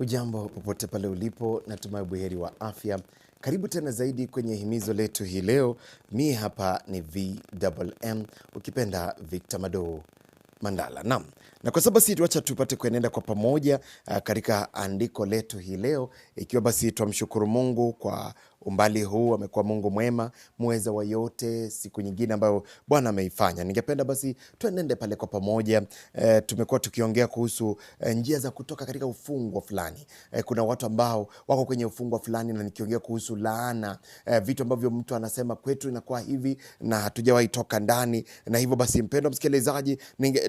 ujambo popote pale ulipo, natumai buheri wa afya. Karibu tena zaidi kwenye himizo letu hii leo. Mi hapa ni VMM, ukipenda Victor Mado Mandala. Naam, na kwa sababu basi, tuacha tupate kuenenda kwa pamoja ah, katika andiko letu hii leo, ikiwa basi twamshukuru Mungu kwa umbali huu. Amekuwa Mungu mwema, muweza wa yote, siku nyingine ambayo Bwana ameifanya. Ningependa basi tuenende pale kwa pamoja. E, tumekuwa tukiongea kuhusu e, njia za kutoka katika ufungwa fulani. E, kuna watu ambao wako kwenye ufungwa fulani, na nikiongea kuhusu laana e, vitu ambavyo mtu anasema kwetu inakuwa hivi na hatujawahi toka ndani, na hivyo basi, mpendwa msikilizaji,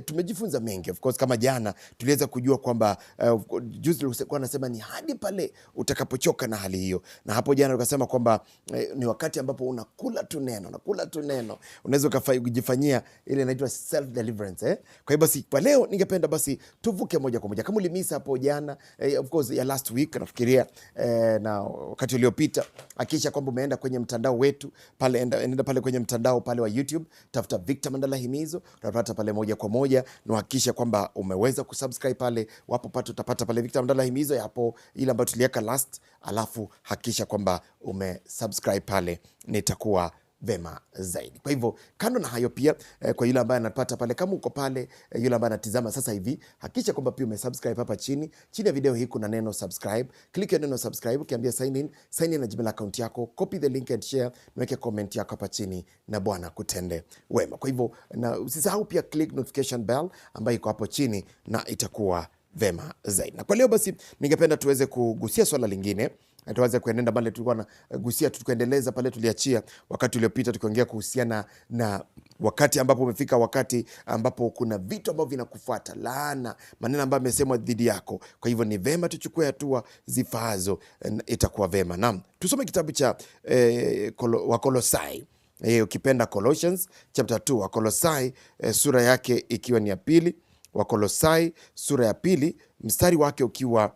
tumejifunza mengi course, kama jana tuliweza kujua kwamba uh, juzi tulikuwa nasema ni hadi pale utakapochoka na hali hiyo, na hapo jana ukasema kwamba eh, ni wakati ambapo unakula tu neno, unakula tu neno, unaweza kujifanyia ile inaitwa self deliverance eh? Kwa hiyo basi kwa leo ningependa basi tuvuke moja kwa moja, kama ulimisa hapo jana eh, of course ya last week nafikiria eh, na wakati uliopita, akisha kwamba umeenda kwenye mtandao wetu pale, enda, enda pale kwenye mtandao pale wa YouTube, tafuta Victor Mandala Himizo, utapata pale moja kwa moja na hakikisha kwamba kwamba umeweza kusubscribe pale, wapo pate utapata pale Victor Mandala himizo yapo ile ambayo tuliweka last, alafu hakikisha kwamba umesubscribe pale, nitakuwa vema zaidi. Kwa hivyo kando na hayo pia eh, kwa yule ambaye anapata pale, kama uko pale eh, yule ambaye anatizama sasa hivi, hakikisha kwamba pia umesubscribe hapa chini. Chini ya video hii kuna neno subscribe, click neno subscribe, ukiambia sign in, sign in na Gmail account yako, copy the link and share, naweke comment yako hapa chini, na Bwana kutende wema. Kwa hivyo na usisahau pia click notification bell ambayo iko hapo chini, na itakuwa vema zaidi. Na kwa leo basi, ningependa tuweze kugusia swala lingine Eh, tuanze kuenenda pale, tulikuwa na eh, gusia, tukaendeleza pale, tuliachia wakati uliopita tukiongea kuhusiana na wakati ambapo umefika, wakati ambapo kuna vitu ambavyo vinakufuata, laana, maneno ambayo amesemwa dhidi yako. Kwa hivyo ni vema tuchukue hatua zifaazo, eh, itakuwa vema. Naam, tusome kitabu cha eh, Wakolosai eh, ukipenda Colossians chapter 2 Wakolosai eh, sura yake ikiwa ni ya pili Wakolosai sura ya pili mstari wake ukiwa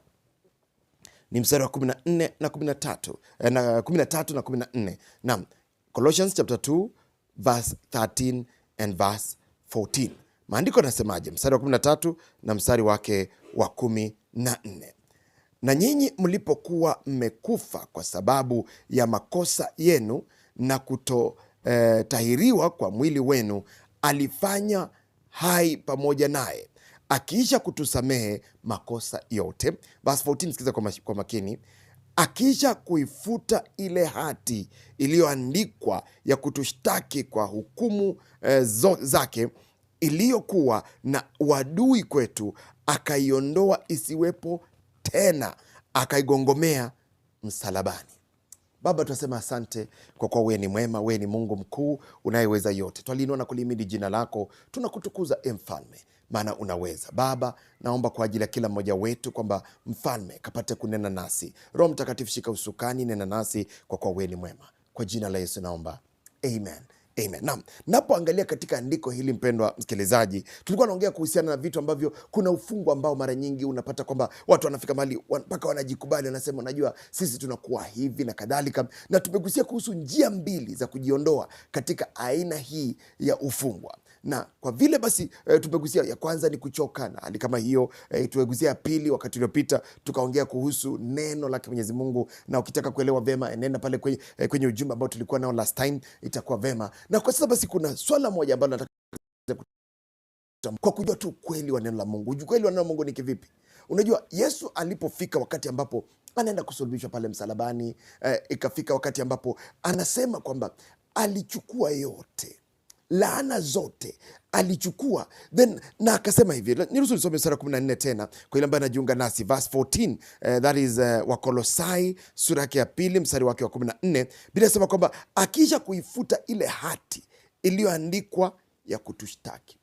ni mstari wa 14 na 13 na 13 na 14. Eh, Naam, Colossians chapter 2 verse 13 and verse 14. Maandiko yanasemaje? Mstari wa 13 na mstari wake wa 14 na nyinyi mlipokuwa mmekufa kwa sababu ya makosa yenu na kutotahiriwa eh, kwa mwili wenu alifanya hai pamoja naye akiisha kutusamehe makosa yote. Basi 14 sikiza kwa makini, akiisha kuifuta ile hati iliyoandikwa ya kutushtaki kwa hukumu eh, zo, zake iliyokuwa na uadui kwetu, akaiondoa isiwepo tena, akaigongomea msalabani. Baba, tunasema asante kwa kuwa wewe ni mwema, wewe ni Mungu mkuu unayeweza yote. Twalinua na jina lako, tunakutukuza e Mfalme maana unaweza. Baba, naomba kwa ajili ya kila mmoja wetu kwamba mfalme kapate kunena nasi. Roho Mtakatifu, shika usukani, nena nasi kwa kwa weni mwema, kwa jina la Yesu naomba, amen. Amen. Naam, napoangalia katika andiko hili mpendwa msikilizaji, tulikuwa naongea kuhusiana na vitu ambavyo kuna ufungu ambao mara nyingi unapata kwamba watu wanafika mahali mpaka wanajikubali, wanasema unajua, sisi tunakuwa hivi na kadhalika, na tumegusia kuhusu njia mbili za kujiondoa katika aina hii ya ufungwa na kwa vile basi e, tumegusia ya kwanza ni kuchoka na hali kama hiyo e, tumegusia ya pili wakati uliopita tukaongea kuhusu neno la Mwenyezi Mungu, na ukitaka kuelewa vema eh, nenda pale kwenye, kwenye ujumbe ambao tulikuwa nao last time itakuwa vema. Na kwa sasa basi kuna swala moja ambalo nataka kwa kujua tu ukweli wa neno la Mungu. Ukweli wa neno la Mungu ni kivipi? Unajua, Yesu alipofika wakati ambapo anaenda kusulubishwa pale msalabani, e, ikafika wakati ambapo anasema kwamba alichukua yote laana zote alichukua then na akasema hivi. Niruhusu nisome sura 14 tena kwa ile ambayo anajiunga nasi verse 14, uh, eh, that is uh, Wakolosai sura yake ya pili mstari wake wa 14, bila sema kwamba akisha kuifuta ile hati iliyoandikwa ya kutushtaki.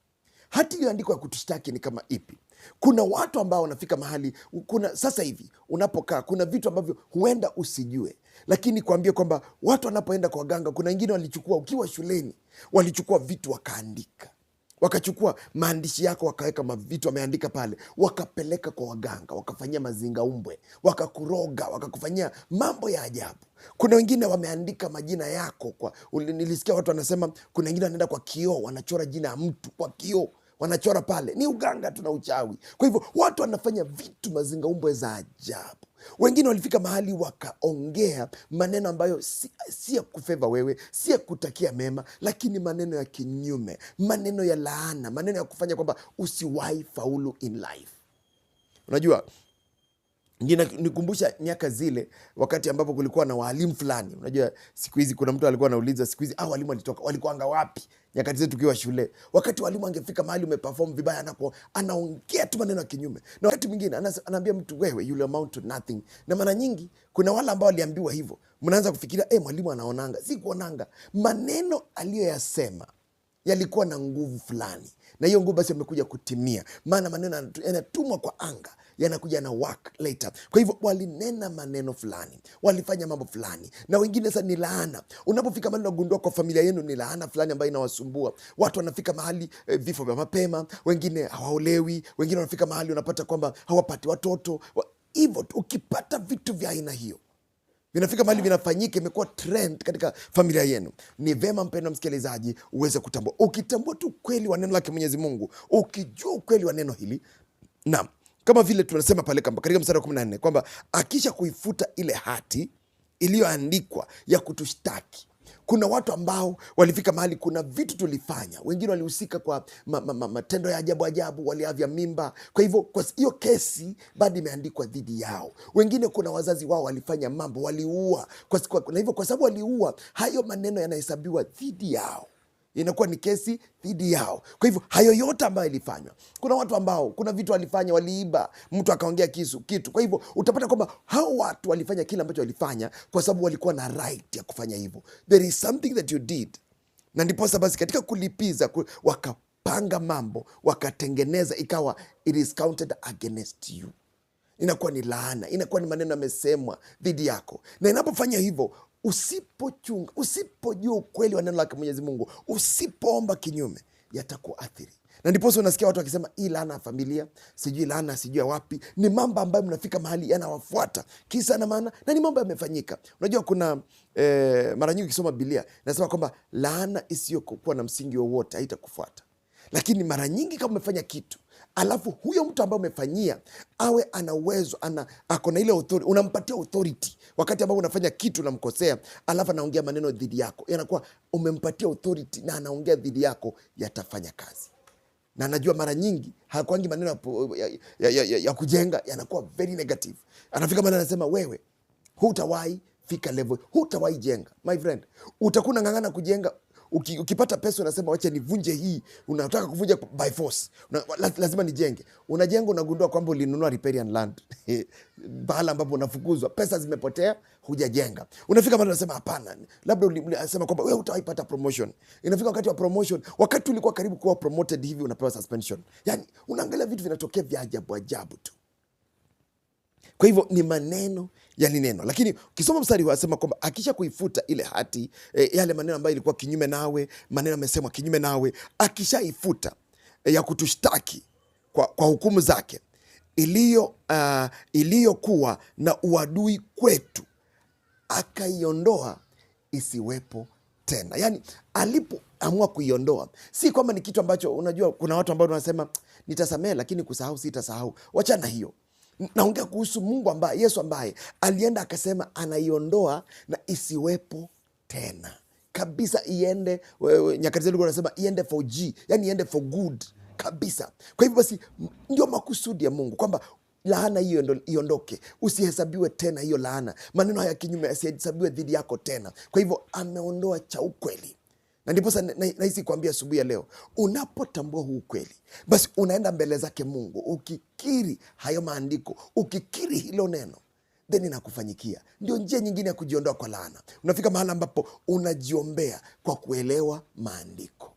Hati iliyoandikwa ya kutushtaki ni kama ipi? Kuna watu ambao wanafika mahali, kuna sasa hivi unapokaa, kuna vitu ambavyo huenda usijue, lakini kuambia kwamba watu wanapoenda kwa waganga, kuna wengine walichukua, ukiwa shuleni walichukua vitu wakaandika wakachukua maandishi yako wakaweka mavitu wameandika pale, wakapeleka kwa waganga, wakafanyia mazinga umbwe, wakakuroga, wakakufanyia mambo ya ajabu. Kuna wengine wameandika majina yako kwa, nilisikia watu wanasema, kuna wengine wanaenda kwa kioo, wanachora jina ya mtu kwa kioo, wanachora pale, ni uganga tuna uchawi. Kwa hivyo watu wanafanya vitu mazingaumbwe za ajabu. Wengine walifika mahali wakaongea maneno ambayo si, si ya kufeva wewe, si ya kutakia mema, lakini maneno ya kinyume, maneno ya laana, maneno ya kufanya kwamba usiwahi faulu in life. Unajua nikumbusha miaka zile wakati ambapo kulikuwa na walimu fulani. Unajua siku hizi kuna mtu alikuwa anauliza siku hizi au ah, walimu walitoka walikuanga wapi? Nyakati zetu tukiwa shule, wakati walimu angefika mahali umeperform vibaya, anako anaongea tu maneno ya kinyume, na wakati mwingine anaambia mtu wewe, you amount to nothing. Na mara nyingi kuna wale ambao waliambiwa hivyo, mnaanza kufikiria eh, mwalimu anaonanga. Si kuonanga, maneno aliyoyasema yalikuwa na nguvu fulani, na hiyo nguvu basi amekuja kutimia, maana maneno yanatumwa kwa anga yanakuja na work later. Kwa hivyo walinena maneno fulani, walifanya mambo fulani, na wengine sasa ni laana. Unapofika mahali unagundua kwa familia yenu ni laana fulani ambayo inawasumbua watu, wanafika mahali eh, vifo vya mapema, wengine hawaolewi, wengine wanafika mahali unapata kwamba hawapati watoto hivyo tu. Ukipata vitu vya aina hiyo vinafika mahali vinafanyika, imekuwa trend katika familia yenu, ni vema mpendwa msikilizaji uweze kutambua. Ukitambua tu ukweli wa neno lake Mwenyezi Mungu, ukijua ukweli wa neno hili, naam kama vile tunasema pale katika mstari wa 14 kwamba akisha kuifuta ile hati iliyoandikwa ya kutushtaki. Kuna watu ambao walifika mahali, kuna vitu tulifanya, wengine walihusika kwa matendo ma, ma, matendo ya ajabu ajabu, waliavya mimba. Kwa hivyo, kwa hiyo kesi bado imeandikwa dhidi yao. Wengine kuna wazazi wao walifanya mambo, waliua, na hivyo kwa sababu waliua, hayo maneno yanahesabiwa dhidi yao inakuwa ni kesi dhidi yao. Kwa hivyo hayo yote ambayo ilifanywa, kuna watu ambao kuna vitu walifanya, waliiba, mtu akaongea kisu kitu. Kwa hivyo utapata kwamba hao watu walifanya kile ambacho walifanya kwa sababu walikuwa na right ya kufanya hivyo. There is something that you did, na ndiposa basi katika kulipiza wakapanga mambo, wakatengeneza, ikawa it is counted against you. Inakuwa ni laana, inakuwa ni maneno yamesemwa dhidi yako, na inapofanya hivyo Usipochunga, usipojua ukweli wa neno lake Mwenyezi Mungu, usipoomba kinyume, yatakuathiri na ndiposa unasikia watu wakisema hii laana ya familia sijui laana sijui wapi. Ni mambo ambayo mnafika mahali yanawafuata kisa na maana, na ni mambo yamefanyika. Unajua kuna eh, mara nyingi ukisoma Biblia nasema kwamba laana isiyokuwa na msingi wowote haitakufuata, lakini mara nyingi kama umefanya kitu alafu huyo mtu ambaye umefanyia awe ana uwezo ana ako na ile authority, unampatia authority. Wakati ambao unafanya kitu unamkosea, alafu anaongea maneno dhidi yako, yanakuwa umempatia authority na anaongea dhidi yako, yatafanya kazi na najua mara nyingi hakwangi maneno ya, ya, ya, ya, ya kujenga yanakuwa very negative. Anafika maneno anasema, wewe hutawahi fika level, hutawahi jenga. My friend, utakuwa unang'ang'ana kujenga uki, ukipata pesa unasema wacha nivunje hii, unataka kuvunja by force una, lazima nijenge. Unajenga, unagundua kwamba ulinunua riparian land bahala ambapo unafukuzwa, pesa zimepotea, hujajenga. Unafika mahali unasema hapana, labda unasema kwamba wewe utaipata promotion. Inafika wakati wa promotion, wakati ulikuwa karibu kuwa promoted hivi, unapewa suspension. Yani unaangalia vitu vinatokea vya ajabu ajabu tu. Kwa hivyo ni maneno ya ni neno, lakini ukisoma mstari asema kwamba akisha kuifuta ile hati e, yale maneno ambayo ilikuwa kinyume nawe, maneno amesemwa kinyume nawe, akishaifuta e, ya kutushtaki kwa, kwa hukumu zake iliyo uh, iliyokuwa na uadui kwetu akaiondoa isiwepo tena. Yani alipoamua kuiondoa, si kwamba ni kitu ambacho unajua, kuna watu ambao wanasema nitasamehe, lakini kusahau sitasahau. Wachana hiyo, Naongea kuhusu Mungu ambaye, Yesu ambaye alienda akasema anaiondoa na isiwepo tena kabisa, iende. Nyakati zetu anasema iende for g, yani iende for good kabisa. Kwa hivyo basi, ndio makusudi ya Mungu kwamba laana hiyo iondoke, usihesabiwe tena hiyo laana, maneno haya kinyume yasihesabiwe dhidi yako tena. Kwa hivyo ameondoa cha ukweli na ndiposa nahisi kuambia asubuhi ya leo, unapotambua huu kweli basi unaenda mbele zake Mungu ukikiri hayo maandiko, ukikiri hilo neno then inakufanyikia. Ndio njia nyingine ya kujiondoa kwa laana. Unafika mahala ambapo unajiombea kwa kuelewa maandiko.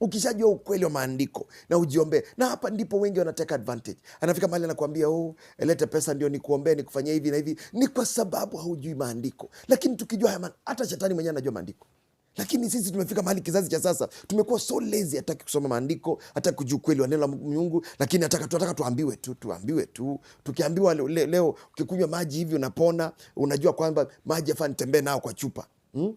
Ukishajua ukweli wa maandiko na ujiombee, na hapa ndipo wengi wanateka advantage. Anafika mahali anakuambia oh, lete pesa ndio nikuombee nikufanyia hivi na hivi. Ni kwa sababu haujui maandiko, lakini tukijua hata shetani mwenyewe anajua maandiko. Lakini sisi tumefika mahali, kizazi cha sasa tumekuwa so lazy, hataki kusoma maandiko, hataki kujua ukweli wa neno la Mungu, lakini tunataka tuambiwe tu, tuambiwe tu. Tukiambiwa leo, leo ukikunywa maji hivi unapona, unajua kwamba maji afa nitembee nao kwa chupa hmm?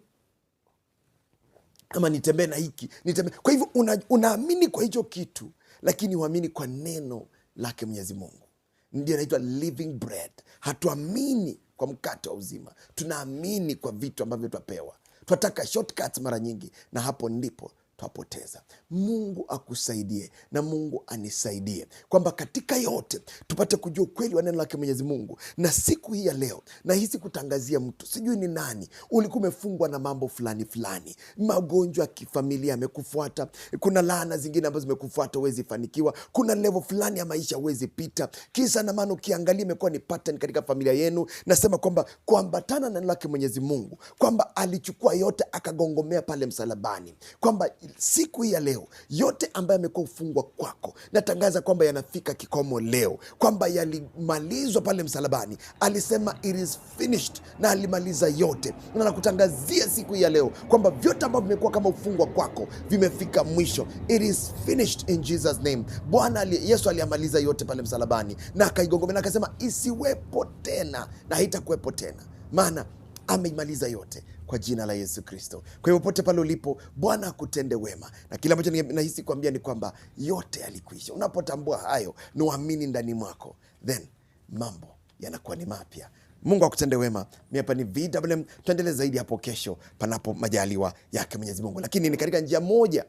Ama nitembee na hiki nitembee. Kwa hivyo unaamini kwa hicho kitu, lakini uamini kwa neno lake Mwenyezi Mungu. Ndio inaitwa living bread. Hatuamini kwa mkate wa uzima, tunaamini kwa vitu ambavyo twapewa tunataka shortcuts mara nyingi, na hapo ndipo tukapoteza. Mungu akusaidie na Mungu anisaidie kwamba katika yote tupate kujua ukweli wa neno lake Mwenyezi Mungu. Na siku hii ya leo nahisi kutangazia mtu, sijui ni nani, ulikuwa umefungwa na mambo fulani fulani, magonjwa ya kifamilia yamekufuata, kuna laana zingine ambazo zimekufuata, huwezi fanikiwa, kuna levo fulani ya maisha huwezi pita, kisa na maana ukiangalia imekuwa ni pattern katika familia yenu. Nasema kwamba kuambatana na neno lake Mwenyezi Mungu, kwamba alichukua yote akagongomea pale msalabani, kwamba siku hii ya leo, yote ambayo yamekuwa ufungwa kwako, natangaza kwamba yanafika kikomo leo, kwamba yalimalizwa pale msalabani. Alisema it is finished, na alimaliza yote, na nakutangazia siku hii ya leo kwamba vyote ambavyo vimekuwa kama ufungwa kwako vimefika mwisho. It is finished in Jesus name. Bwana Yesu aliyamaliza yote pale msalabani, na akaigongomea na akasema isiwepo tena na haitakuwepo tena, maana ameimaliza yote kwa jina la Yesu Kristo. Kwa hiyo popote pale ulipo, Bwana akutende wema, na kile ambacho nahisi kuambia ni kwamba yote yalikwisha. Unapotambua hayo na ndani mwako, then mambo yanakuwa ni mapya. Mungu akutende wema. Mi hapa ni VMM, tuendelee zaidi hapo kesho, panapo majaliwa yake Mwenyezi Mungu, lakini ni katika njia moja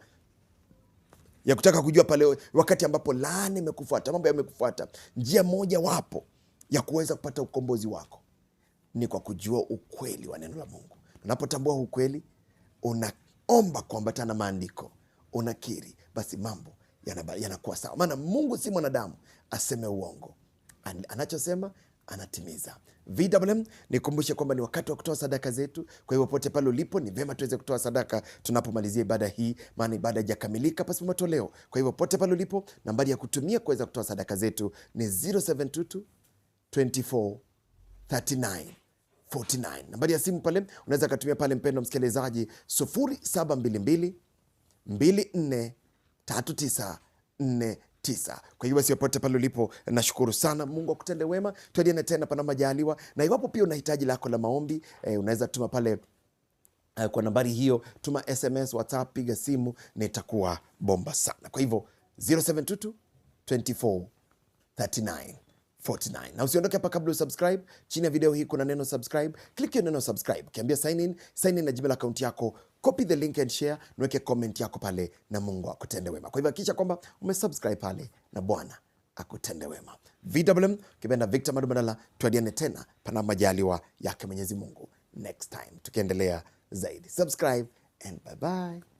ya kutaka kujua pale wakati ambapo laana imekufuata, mambo yamekufuata, njia moja wapo ya kuweza kupata ukombozi wako ni kwa kujua ukweli wa neno la Mungu. Unapotambua ukweli, unaomba kuambatana maandiko, unakiri, basi mambo yanakuwa sawa, maana Mungu si mwanadamu aseme uongo. An anachosema anatimiza. VMM, nikumbushe kwamba ni wakati wa kutoa sadaka zetu. Kwa hiyo popote pale ulipo, ni vema tuweze kutoa sadaka tunapomalizia ibada hii, maana ibada haijakamilika pasipo matoleo. Kwa hivyo popote pale ulipo, nambari ya kutumia kuweza kutoa sadaka zetu ni 0722 24 39. 49. Nambari ya simu pale unaweza katumia pale, mpendo msikilizaji, 0722 24 kwa hiyo basi, popote pale ulipo, nashukuru sana. Mungu akutende wema, tuendelee tena panapo majaliwa, na iwapo pia una hitaji lako la maombi eh, unaweza tuma pale eh, kwa nambari hiyo, tuma SMS, WhatsApp, piga simu, nitakuwa bomba sana. Kwa hivyo 0722 24 39 49. Na usiondoke hapa kabla usubscribe. Chini ya video hii kuna neno subscribe. Click hiyo neno subscribe. Kiambia sign in, sign in na Gmail account yako, copy the link and share, niweke comment yako pale na Mungu akutende wema. Kwa hivyo hakikisha kwamba umesubscribe pale na Bwana akutende wema. VMM kipenda Victor Mandala, tuadiane tena pana majaliwa yake Mwenyezi Mungu next time. Tukiendelea zaidi. Subscribe and bye bye.